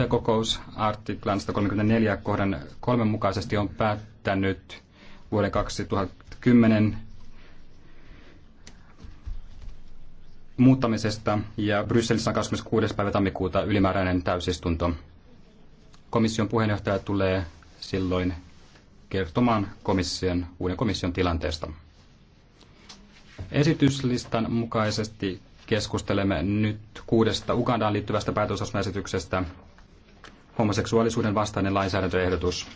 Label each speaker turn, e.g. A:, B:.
A: Puheenjohtajakokous artiklan 134 kohdan kolmen mukaisesti on päättänyt vuoden 2010 muuttamisesta ja Brysselissä on 26. päivä tammikuuta ylimääräinen täysistunto. Komission puheenjohtaja tulee silloin kertomaan komission, uuden komission tilanteesta. Esityslistan mukaisesti keskustelemme nyt kuudesta Ugandaan liittyvästä päätösosmaesityksestä homoseksuaalisuuden vastainen lainsäädäntöehdotus.